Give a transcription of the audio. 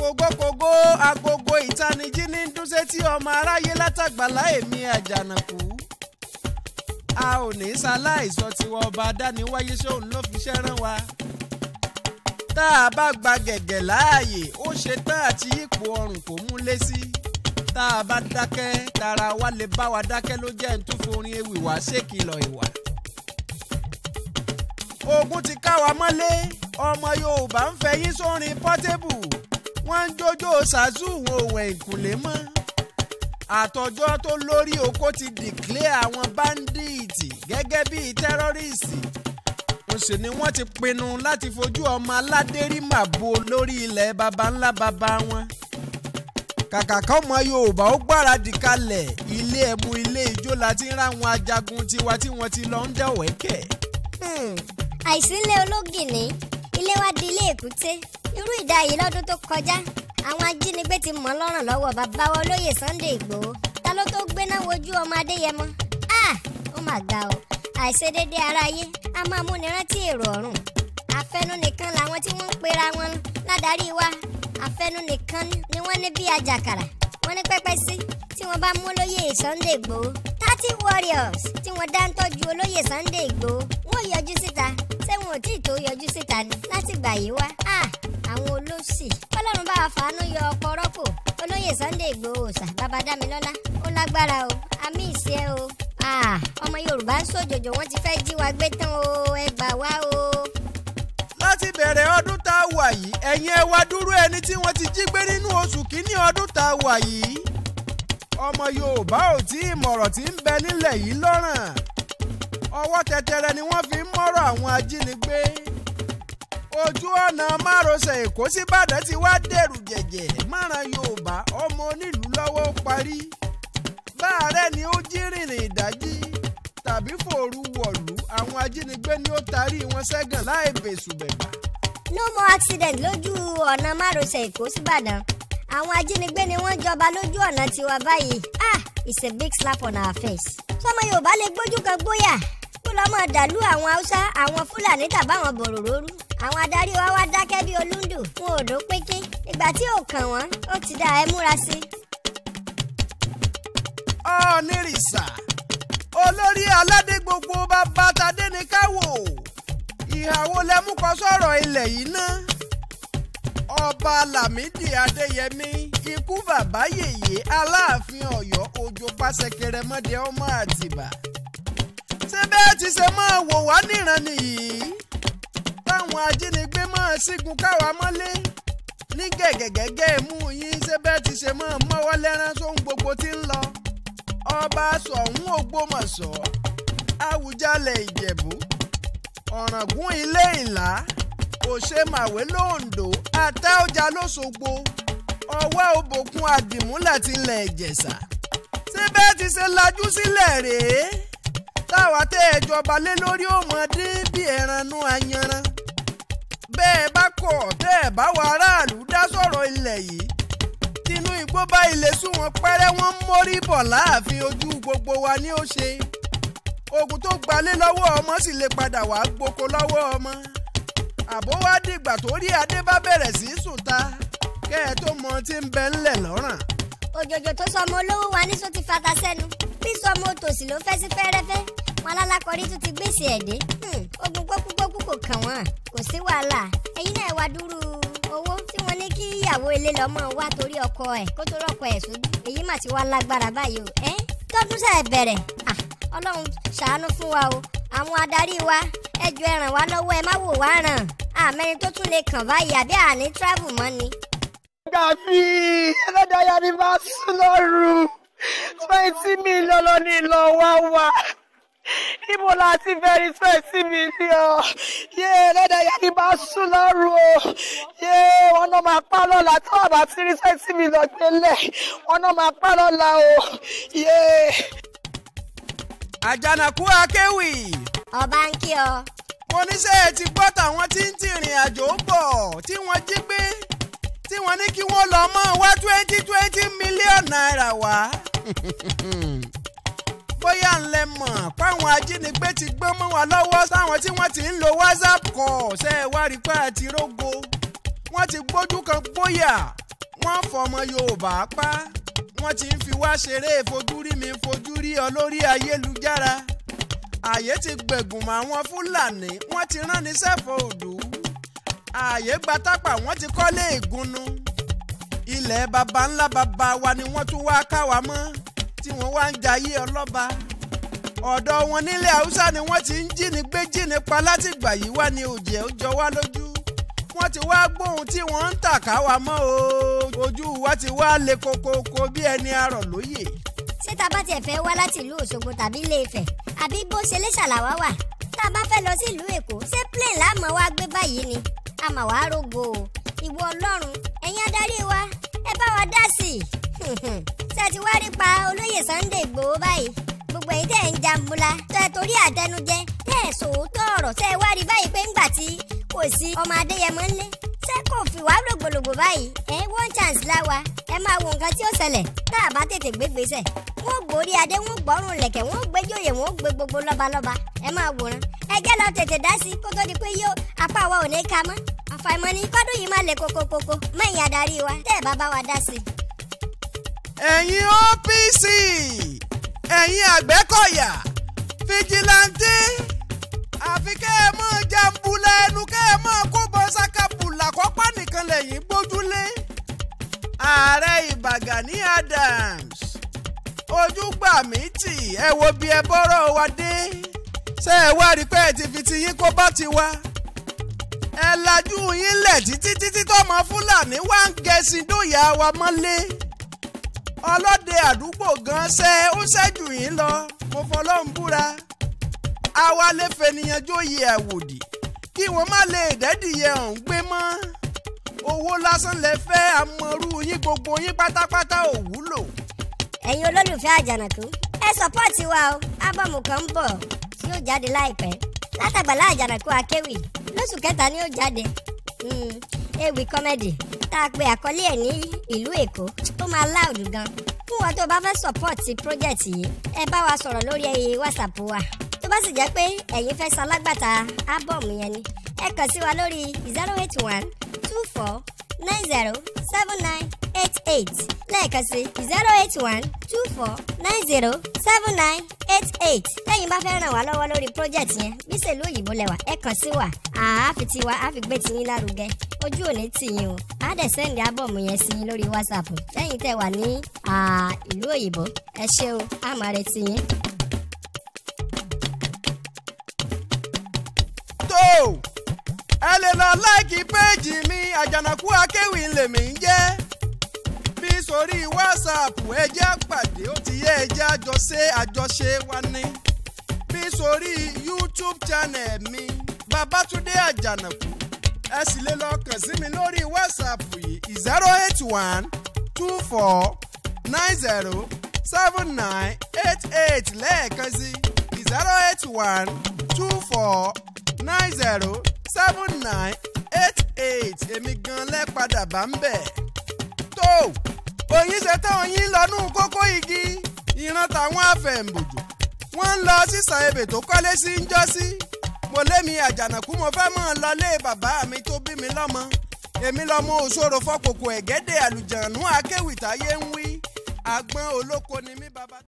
kògókògó agogo ìtanijí ní dúnṣe tí ọmọ aráyé látàgbàlá èmi àjànàkú a ò ní ṣaláìsọ tiwa ọba adániwáyé sóun ló fi ṣẹ́ rán wa tá a bá gba gẹ̀gẹ̀ láàyè ó ṣe tán àti ipò ọrùn kò mú lé sí tá a bá dákẹ́ tara wa lè bá wa dákẹ́ ló jẹ́ ń tún forin ewì wá ṣèkìlọ̀ ìwà ogun ti ká wa mọ́lé ọmọ Yorùbá ń fẹ́ yín sórin pọ́tébù wọ́n ń jójó ṣáṣù wọn òwẹ̀ ìkùnlé mọ́ àtọjọ́ tó lórí oko ti dìklẹ́ àwọn báńdíìtì gẹ́gẹ́ bíi tẹ́rọ́rìsì ó sì ni wọ́n ti pinnu láti fojú ọmọ aládérí màbo lórí ilẹ̀ baba ńlá baba wọn kàkà kọ́mọ Yorùbá ó gbáradì kalẹ̀ ilé ẹ̀mú ilé ijó la ti ń ráwọn ajagun tiwa tí wọ́n ti lọ ń dẹ̀wẹ́kẹ̀. Hmm, àìsílẹ̀ ológìní ilé wa di ilé èkúté irú ìdá yìí lọ́dún tó kọjá àwọn ajínigbé ti mọ̀ lọ́rùn lọ́wọ́ bàbá wa olóyè Sunday Ìgbòho ta ló tó gbéná wojú ọmọ Adéyẹmọ ah ó mà ga o àìṣedédé aráyé a máa múni rántí èrò ọ̀run àfẹnu nìkan làwọn tí wọ́n ń pera wọn ládarí wa àfẹnu nìkan ni wọ́n ní bí àjàkàrà wọ́n ní pẹ́pẹ́ sí tí wọ́n bá mú olóyè Sunday Igboho thirty warriors tí wọ́n dá ń tọ́jú olóyè Sunday Igboho wọ́n yọjú síta ṣé wọn ò tí ì tó yọjú síta ni látìgbà yìí wá àwọn olóṣì Ọlọ́run bá fàánú yọ ọ̀pọ̀ rọ́pò olóyè Sunday Igboho ṣá bàbá dámilọ́lá ó lágbára o àmì ìṣe o ọmọ Yorùbá ń sòjòjò wọ́n ti fẹ́ jí wa gbé tán o ẹ wa o. ti bẹ̀rẹ̀ ọdún tá a wà yìí ẹ̀yin ẹwà wá dúró ẹni tí wọ́n ti jí gbé nínú oṣù kínní ọdún tá a wà yìí ọmọ Yorùbá ò tí ì tí ń bẹ nílẹ̀ yìí lọ́ràn ọwọ́ tẹtẹrẹ ni wọ́n fi ń mọ́rọ̀ àwọn ajínigbé ojú ọ̀nà márosẹ̀ Èkó síbàdàn ti wá dẹ̀rù jẹ̀jẹ̀ márùn Yorùbá ọmọ onílùú lọ́wọ́ parí báàrẹ̀ ni ó jí rìnrìn ìdájí tàbí fòru ajínigbé ni ó taari wọn sẹ́gàn láì fèsù bẹ̀bà. no more accident lójú ọ̀nà márosẹ̀ èkó síbàdàn àwọn ajínigbé ni wọ́n jọba lójú ọ̀nà tiwa báyìí ah it's a big slap on our face. sọmọ yorùbá lè gbójú kan gbóyà kó lọ́mọ dàlú àwọn haúsá àwọn fúlàní tàbáwọn bòròró rú àwọn adarí wa wá dákẹ́ bí olúndò wọn ò dó pékè ìgbà tí ò kàn wọ́n ó ti dá ẹ múra sí. ọ̀nìrìsà olórí aládé gbogbo ilẹ̀ yìí ná ọba lámìdí adéyẹmí ikú bàbá yèyé aláàfin ọ̀yọ́ òjò pàṣẹkẹrẹ mọdẹ ọmọ àtìbà ṣé ti ṣe máa wò wá níran nìyí táwọn ajínigbé máa sígun káwa mọ́lé ní gẹ̀gẹ̀gẹ̀gẹ̀ mú yín ṣé ti ṣe máa mọ́wọ́ lẹ́rán sóhun gbogbo tí ń lọ ọba sọ̀hún ògbómọ̀ṣọ́ àwùjalẹ̀ ìjẹ̀bú ọ̀ràngún ilé ìlá kò ṣe màwé lóńdó àtẹ ọjà lọ́sọ̀gbọ̀ ọwọ́ òbòkun àdìmúlẹ̀ tilẹ̀ ìjẹ̀ṣà síbẹ̀ ti ṣe lajú sílẹ̀ rèé táwa tẹ́ ẹ jọba lé lórí ọmọdé bíi ẹranú ayanran bẹ́ẹ̀ bá kọ̀ tẹ́ ẹ bá wa aráàlú dá sọ̀rọ̀ ilẹ̀ yìí tinú igbó bá ilé sùn wọn pẹ́rẹ́ wọ́n mórí bọ̀ láàfin ojú gbogbo wa ni ó ṣe ogun tó gbalé lọ́wọ́ ọmọ sì lè padà wàá gboko lọ́wọ́ ọmọ àbó wá dìgbà tó rí adé bá bẹ̀rẹ̀ sí í sùn ta kẹ́ ẹ tó mọ tí ń bẹ ńlẹ̀ lọ́ràn. òjòjò tó sọmọ olówó wa níṣó ti fata sẹ́nu bí sọmọ òtòṣì ló fẹ́ sí fẹ́rẹ́fẹ́ wọn alálákọ̀ọ́rí tún ti gbèsè ẹ̀ dé hmm, ogun gbókúgbókú kò kàn wọ́n kò sí wàhálà ẹ̀yin náà wá dúró owó tí wọ́n ní kí ìyàwó ilé lọ́mọ wá torí ọkọ ẹ̀ kó tó rọ́kọ ẹ̀ sójú èyí mà ti wá lágbára báyìí o tọ́dún sẹ́ẹ̀ bẹ̀rẹ̀ ọlọ́run ṣàánú fún wa o àwọn adarí wa ẹ jọ ẹ ràn wá lọ́wọ́ ẹ má wò wá ràn àmẹ́ni tó tún lè kàn báyìí àbí àní travel mọ́ ni. gàfi ẹlẹ́dàáyà ni bá sùn lọ́rùn twenty million lọ ní ìlọ wá wá níbo la ti fẹ́rí twenty million yé ẹlẹ́dàáyà ni bá sùn lọ́rùn o yé wọn náà máa pa lọ́la tó àbá tí rí twenty million gbélé wọn náà máa pa lọ́la o yé. Yeah àjànàkú akéwì. ọba ń kí ọ. mo ní ṣé ẹ ti gbọ́ tàwọn tí ń tìrìn àjò ń bọ̀ tí wọ́n jí gbé tí wọ́n ní kí wọ́n lọ mọ́ wá twenty twenty million naira wá. bóyá ńlẹ̀ mọ̀ páwọn ajínigbé ti gbé mọ́ wa lọ́wọ́ sáwọn tí wọ́n ti ń lo whatsapp kan ṣe é wá rí pé àti rógo wọ́n ti gbójú kan gbóyà wọ́n fọmọ yorùbá pa wọ́n ti ń fi wá ṣeré ìfojúrí mi fojúrí ọ lórí ayélujára ààyè ti gbẹ̀gùn mọ́ àwọn fúlàní wọ́n ti rán ní sẹ́fọ̀ òdù ààyè gba wọ́n ti kọ́lé ìgúnnu ilẹ̀ baba ńlá baba wa ni wọ́n tún wá káwa mọ́ tí wọ́n wá ń jayé ọlọ́ba ọ̀dọ̀ wọn nílẹ̀ haúsá ni wọ́n ti ń jínigbé jínipa látìgbà yìí wá ní òjẹ́ ó jọ wá lójú wọ́n ti wá gbóhùn tí wọ́n ń tà ká wa mọ́ o ojú wa ti wá le kokoko bí ẹni arọ̀ lóye. ṣé tá bá tiẹ̀ fẹ́ wá láti ìlú Òṣogbo tàbí Ilé Ifẹ̀ àbí bó ṣe lè ṣàlàwá wà tá a bá fẹ́ lọ sí ìlú Èkó ṣé plane láàmú wa gbé báyìí ni a mà wá rògbò ìwọ Ọlọ́run ẹ̀yin adarí wa ẹ bá wa dá sí i ṣé ti wá rí pa olóyè Sunday Ìgbòho báyìí gbogbo èyí tẹ̀ ń jambula tẹ̀ torí àtẹnujẹ tẹ̀ sòótọ́ ọ̀rọ̀ tẹ̀ wá rí báyìí pé ńgbà tí kò sí ọmọ adéyẹmọ ńlẹ ṣé kò fi wá rògbòlògbò báyìí ẹ one chance láwa ẹ máa wo nǹkan tí ó ṣẹlẹ̀ tá a bá tètè gbé gbèsè wọn ò gbórí adé wọn ò gbọ́rùn lẹ̀kẹ̀ wọn ò gbẹ́jọ́yè wọn gbé gbogbo lọ́balọ́ba ẹ máa wòran ẹ lọ tètè dá sí kó tó di pé yóò apá wa ò ní ka mọ́ àfàìmọ̀ ni kọ́dún yìí máa lè kokokoko mẹ́yìn adarí wa tẹ́ ẹ̀ bá bá wa dá sí i. ẹ̀yin ọ́fíìsì ẹ̀yin àgbẹ̀kọ̀yà fìjìláńtì àfi kẹ́ ẹ mọ̀ jàǹbùlà ẹnu kẹ́ ẹ mọ̀ kó bọ́ sákàbùlà kọ́pá nìkan lẹ́yìn gbójúlé. ààrẹ ìbàgàní Adams ojú gbà mí tì ẹ wo bí ẹ bọ́rọ̀ wa dé ṣé ẹ wá rí pé ẹ ti fi tiyín kó bá ti wá ẹ lajú yín lẹ̀ títí títí tọmọ Fúlàní wá ń gẹṣin dóyà wa mọ́lé ọlọ́dẹ àdúgbò gan ṣe ó ṣẹ́jú yín lọ mo fọlọ́run búra àwa lè fẹnìyàn jóye àwòdì kí wọ́n má lè dẹ́dìyẹ ọ̀hún gbé mọ́ owó lásán lè fẹ́ àmọ́rú yín gbogbo yín pátápátá ò wúlò. ẹ̀yin olólùfẹ́ àjànàkú ẹ sọ́pọ́ọ̀tì wa o ábọ̀mù kan ń bọ̀ tí ó jáde láìpẹ́ látàgbàlá àjànàkú akéwì lóṣù kẹta ni ó jáde hmm, ewì kọ́mẹ́dì tá a pe àkọlé ẹ̀ ní ìlú èkó ó máa láòdù gan fún wọn tó bá fẹ́ sọ́pọ́ọ̀tì prójẹ́tì yìí ẹ bá wa sọ̀rọ̀ lórí WhatsApp wa bá sì jẹ́ pé ẹ̀yin fẹ́ san lágbàtà ábọ̀mù yẹn ni ẹ kàn sí wa lórí zero eight one two four nine zero seven nine eight eight lẹ́ẹ̀kan sí zero eight one two four nine zero seven nine eight eight tẹ́yìn bá fẹ́ ràn wá lọ́wọ́ lórí project yẹn bí sèlú òyìnbó lẹ́wà ẹ kàn sí wa àáfi tiwa àáfi gbé tiyín lárugẹ ojú ò ní tì yín o á dẹ̀ sẹ́ndì ábọ̀mù yẹn sí yín lórí whatsapp lẹ́yìn tẹ́ wà ní ìlú òyìnbó ẹ ṣé o á o ẹ peji lọ láìkí péèjì mi àjànàkú akéwì lèmi ń jẹ́ bí sórí wásaàpù ẹ jẹ́ pàdé ó ti yẹ ẹ àjọṣe àjọṣe wa bí sórí YouTube channel mi Babátúndé Àjànàkú ẹ sì lè lọ kàn sí mi lórí whatsapp yìí zero eight one two four nine zero seven nine eight nine zero seven nine eight eight èmi gan lẹ́padà bá ń bẹ̀. tó oyin ṣe táwọn yín lọ́nù kókó igi ìran táwọn afẹ̀m̀bòjò wọ́n ń lọ sísà ebè tó kọ́lé sí ń jọ́sí mo lémi àjànàkú mo fẹ́ mọ̀ lọ lé bàbá mi tó bí mi lọ́mọ èmi lọ́mọ òṣòro fọ́kòkò ẹ̀gẹ́dẹ̀ àlùjànnú akéwìtáyé ń wí àgbọn olóko ni mí bàbá.